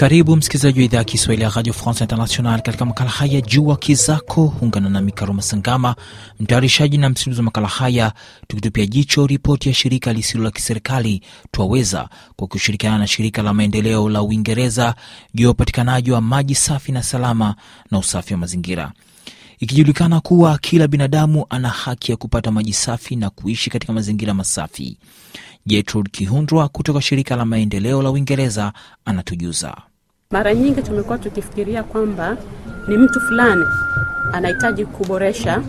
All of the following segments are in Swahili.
Karibu msikilizaji wa idhaa ya Kiswahili ya Radio France International katika makala haya Jua Kizako. Ungana na Karoma Sangama, mtayarishaji na msimuzi wa makala haya, tukitupia jicho ripoti ya shirika lisilo la kiserikali Twaweza kwa kushirikiana na shirika la maendeleo la Uingereza juu ya upatikanaji wa maji safi na salama na usafi wa mazingira ikijulikana kuwa kila binadamu ana haki ya kupata maji safi na kuishi katika mazingira masafi. jetrud Kihundwa kutoka shirika la maendeleo la Uingereza anatujuza. Mara nyingi tumekuwa tukifikiria kwamba ni mtu fulani anahitaji kuboresha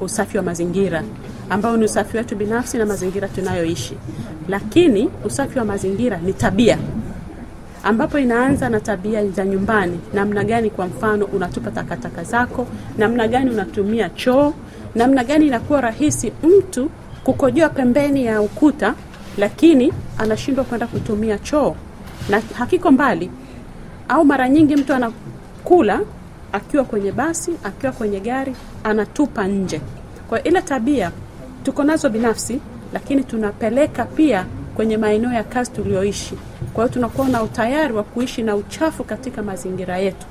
usafi wa mazingira ambao ni usafi wetu binafsi na mazingira tunayoishi, lakini usafi wa mazingira ni tabia ambapo inaanza na tabia za nyumbani. Namna gani, kwa mfano, unatupa takataka zako, namna gani unatumia choo, namna gani inakuwa rahisi mtu kukojoa pembeni ya ukuta, lakini anashindwa kwenda kutumia choo, na hakiko mbali au mara nyingi mtu anakula akiwa kwenye basi, akiwa kwenye gari, anatupa nje. Kwa ile tabia tuko nazo binafsi, lakini tunapeleka pia kwenye maeneo ya kazi tuliyoishi. Kwa hiyo tunakuwa na utayari wa kuishi na uchafu katika mazingira yetu.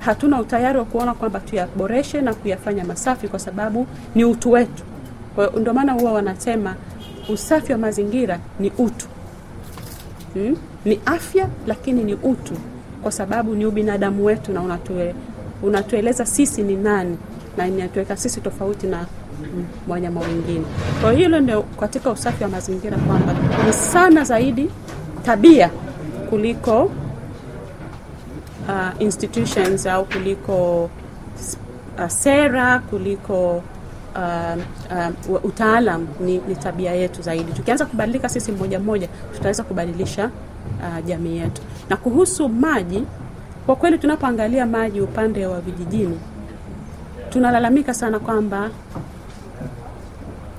Hatuna utayari wa kuona kwamba tuyaboreshe na kuyafanya masafi, kwa sababu ni utu wetu. Kwa hiyo ndio maana huwa wanasema usafi wa mazingira ni utu hmm? Ni afya lakini ni utu, kwa sababu ni ubinadamu wetu na unatue, unatueleza sisi ni nani na inatuweka sisi tofauti na wanyama wengine. Kwa hilo ndio katika usafi wa mazingira kwamba ni sana zaidi tabia kuliko uh, institutions au kuliko uh, sera kuliko uh, uh, utaalam ni, ni tabia yetu zaidi. Tukianza kubadilika sisi mmoja mmoja, tutaweza kubadilisha uh, jamii yetu. Na kuhusu maji, kwa kweli tunapoangalia maji upande wa vijijini, tunalalamika sana kwamba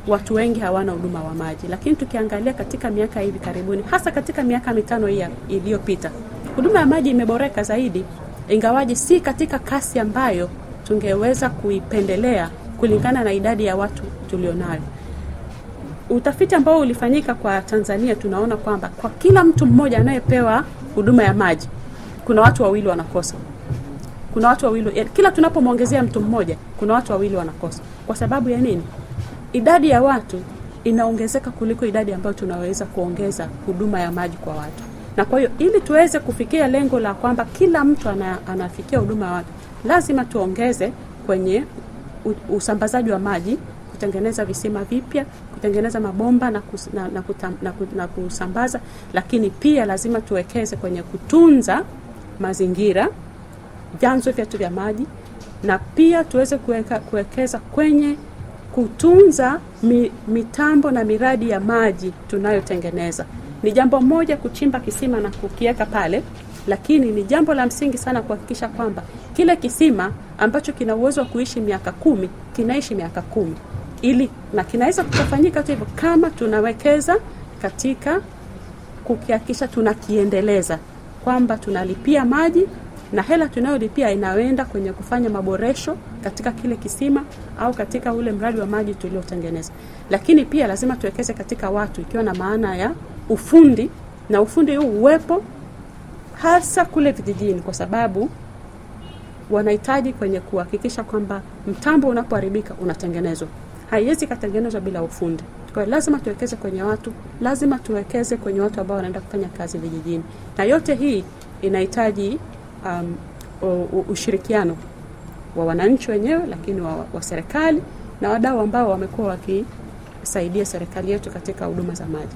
watu wengi hawana huduma wa maji, lakini tukiangalia katika miaka hivi karibuni, hasa katika miaka mitano hii iliyopita, huduma ya maji imeboreka zaidi, ingawaje si katika kasi ambayo tungeweza kuipendelea kulingana na idadi ya watu tulionayo. Utafiti ambao ulifanyika kwa Tanzania, tunaona kwamba kwa kila mtu mmoja anayepewa huduma ya maji kuna watu wawili wanakosa kuna watu wawili kila tunapomwongezea mtu mmoja kuna watu wawili wanakosa. Kwa sababu ya nini? Idadi ya watu inaongezeka kuliko idadi ambayo tunaweza kuongeza huduma ya maji kwa watu, na kwa hiyo ili tuweze kufikia lengo la kwamba kila mtu ana, anafikia huduma ya watu, lazima tuongeze kwenye usambazaji wa maji, kutengeneza visima vipya, kutengeneza mabomba na, kus, na, na, kutam, na, na kusambaza, lakini pia lazima tuwekeze kwenye kutunza mazingira, vyanzo vyetu vya maji, na pia tuweze kuweka, kuwekeza kwenye kutunza mi, mitambo na miradi ya maji tunayotengeneza. Ni jambo moja kuchimba kisima na kukiweka pale lakini ni jambo la msingi sana kuhakikisha kwamba kile kisima ambacho kina uwezo wa kuishi miaka kumi kinaishi miaka kumi ili na kinaweza kukafanyika tu hivyo kama tunawekeza katika kukihakikisha tunakiendeleza, kwamba tunalipia maji na hela tunayolipia inaenda kwenye kufanya maboresho katika kile kisima au katika ule mradi wa maji tuliotengeneza. Lakini pia lazima tuwekeze katika watu, ikiwa na maana ya ufundi na ufundi huu uwepo hasa kule vijijini, kwa sababu wanahitaji kwenye kuhakikisha kwamba mtambo unapoharibika unatengenezwa. Haiwezi ikatengenezwa bila ufundi. Kwa lazima tuwekeze kwenye watu, lazima tuwekeze kwenye watu ambao wanaenda kufanya kazi vijijini, na yote hii inahitaji um, ushirikiano wa wananchi wenyewe, lakini wa, wa serikali na wadau ambao wamekuwa wakisaidia serikali yetu katika huduma za maji.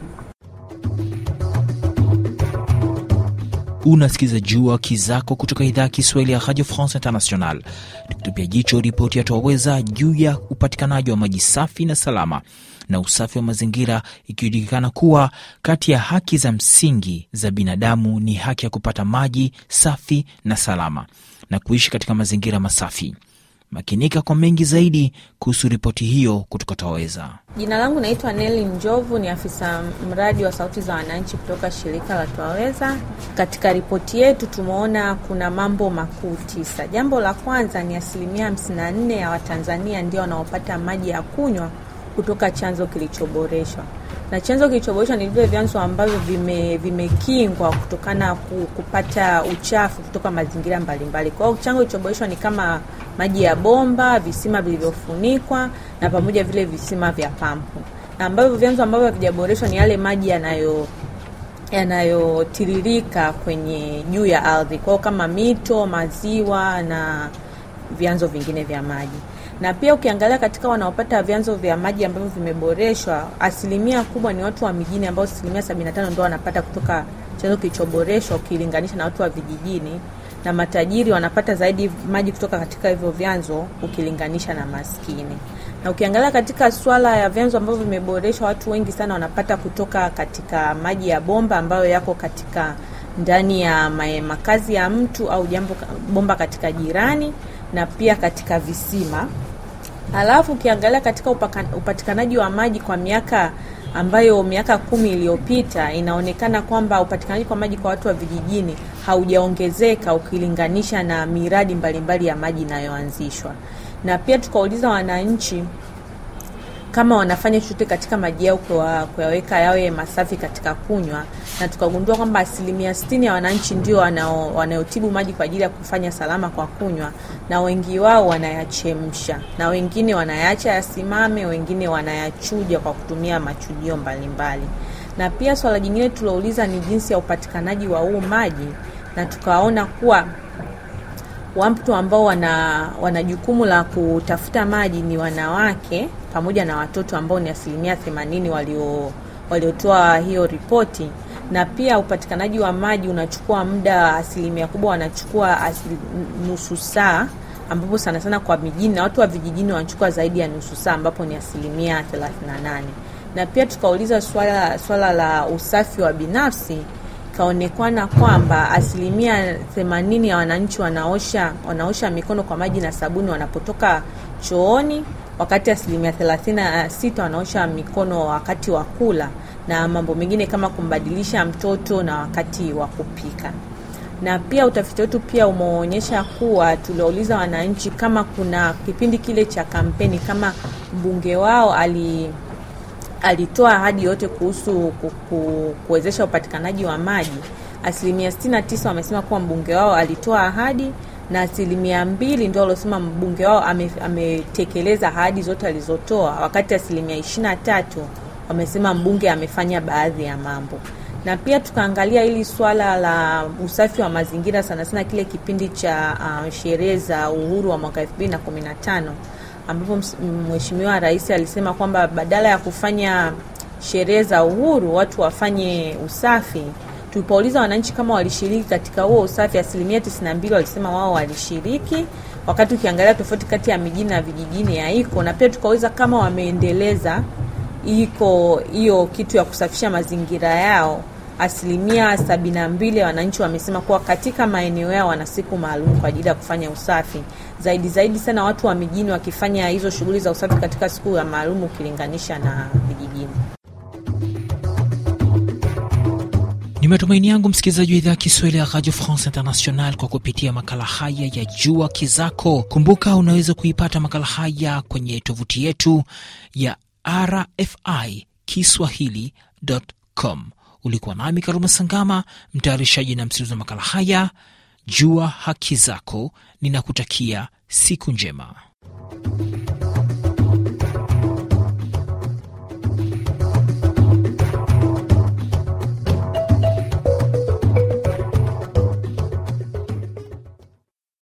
Unasikiza Jua Kizako kutoka idhaa ya Kiswahili ya Radio France International, tukitupia jicho ripoti ya juu ya upatikanaji wa maji safi na salama na usafi wa mazingira, ikijulikana kuwa kati ya haki za msingi za binadamu ni haki ya kupata maji safi na salama na kuishi katika mazingira masafi. Makinika kwa mengi zaidi kuhusu ripoti hiyo kutoka Taweza. Jina langu naitwa Neli Njovu, ni afisa mradi wa sauti za wananchi kutoka shirika la Twaweza. Katika ripoti yetu tumeona kuna mambo makuu tisa. Jambo la kwanza ni asilimia 54 ya Watanzania ndio wanaopata maji ya kunywa kutoka chanzo kilichoboreshwa na chanzo kilichoboreshwa ni vile vyanzo ambavyo vimekingwa vime kutokana kupata uchafu kutoka mazingira mbalimbali. Kwa hiyo chanzo kilichoboreshwa ni kama maji ya bomba, visima vilivyofunikwa na pamoja vile visima vya pampu, na ambavyo vyanzo ambavyo havijaboreshwa ni yale maji yanayo yanayotiririka kwenye juu ya ardhi, kwao kama mito, maziwa na vyanzo vingine vya maji na pia ukiangalia katika wanaopata vyanzo vya maji ambavyo vimeboreshwa, asilimia kubwa ni watu wa mijini ambao asilimia 75 ndio wanapata kutoka chanzo kilichoboreshwa ukilinganisha na watu wa vijijini, na matajiri wanapata zaidi maji kutoka katika hivyo vyanzo ukilinganisha na maskini. Na ukiangalia katika swala ya vyanzo ambavyo vimeboreshwa, watu wengi sana wanapata kutoka katika maji ya bomba ambayo yako katika ndani ya makazi ya mtu au jambo bomba katika jirani na pia katika visima. Alafu ukiangalia katika upatikanaji wa maji kwa miaka ambayo miaka kumi iliyopita inaonekana kwamba upatikanaji kwa maji kwa watu wa vijijini haujaongezeka ukilinganisha na miradi mbalimbali mbali ya maji inayoanzishwa. Na pia tukauliza wananchi kama wanafanya chochote katika maji yao kuyaweka yawe masafi katika kunywa, na tukagundua kwamba asilimia sitini ya wananchi ndio wanayotibu maji kwa ajili ya kufanya salama kwa kunywa, na wengi wao wanayachemsha, na wengine wanayaacha yasimame, wengine wanayachuja kwa kutumia machujio mbalimbali. Na pia swala jingine tulouliza ni jinsi ya upatikanaji wa huu maji, na tukaona kuwa watu ambao wana, wana jukumu la kutafuta maji ni wanawake pamoja na watoto ambao ni asilimia themanini walio waliotoa hiyo ripoti na pia upatikanaji wa maji unachukua muda, asilimia kubwa wanachukua asili, nusu saa ambapo sana sana kwa mijini na watu wa vijijini wanachukua zaidi ya nusu saa ambapo ni asilimia 38. Na pia tukauliza swala, swala la usafi wa binafsi ikaonekana kwamba asilimia themanini ya wananchi wanaosha wanaosha mikono kwa maji na sabuni wanapotoka chooni, wakati asilimia thelathini na sita wanaosha mikono wakati wa kula na mambo mengine kama kumbadilisha mtoto na wakati wa kupika. Na pia utafiti wetu pia umeonyesha kuwa tuliwauliza wananchi kama kuna kipindi kile cha kampeni kama mbunge wao ali alitoa ahadi yote kuhusu kuwezesha upatikanaji wa maji, asilimia 69 wamesema kuwa mbunge wao alitoa ahadi na asilimia mbili ndio waliosema mbunge wao ametekeleza ame ahadi zote alizotoa, wakati asilimia 23 wamesema mbunge amefanya baadhi ya mambo. Na pia tukaangalia hili swala la usafi wa mazingira, sana sana kile kipindi cha uh, sherehe za uhuru wa mwaka tano ambapo mheshimiwa rais alisema kwamba badala ya kufanya sherehe za uhuru watu wafanye usafi. Tulipouliza wananchi kama walishiriki katika huo usafi, asilimia 92 walisema wao walishiriki, wakati ukiangalia tofauti kati ya mijini na vijijini haiko, na pia tukauliza kama wameendeleza iko hiyo kitu ya kusafisha mazingira yao asilimia 72 ya wananchi wamesema kuwa katika maeneo yao wana siku maalum kwa ajili ya kufanya usafi. Zaidi zaidi sana watu wa mijini wakifanya hizo shughuli za usafi katika siku ya maalum ukilinganisha na vijijini. Ni matumaini yangu msikilizaji wa idhaa ya Kiswahili ya Radio France International kwa kupitia makala haya ya Jua Kizako. Kumbuka unaweza kuipata makala haya kwenye tovuti yetu ya RFI Kiswahili.com. Ulikuwa nami Karuma Sangama, mtayarishaji na msiruzi wa makala haya. Jua haki zako, ninakutakia siku njema.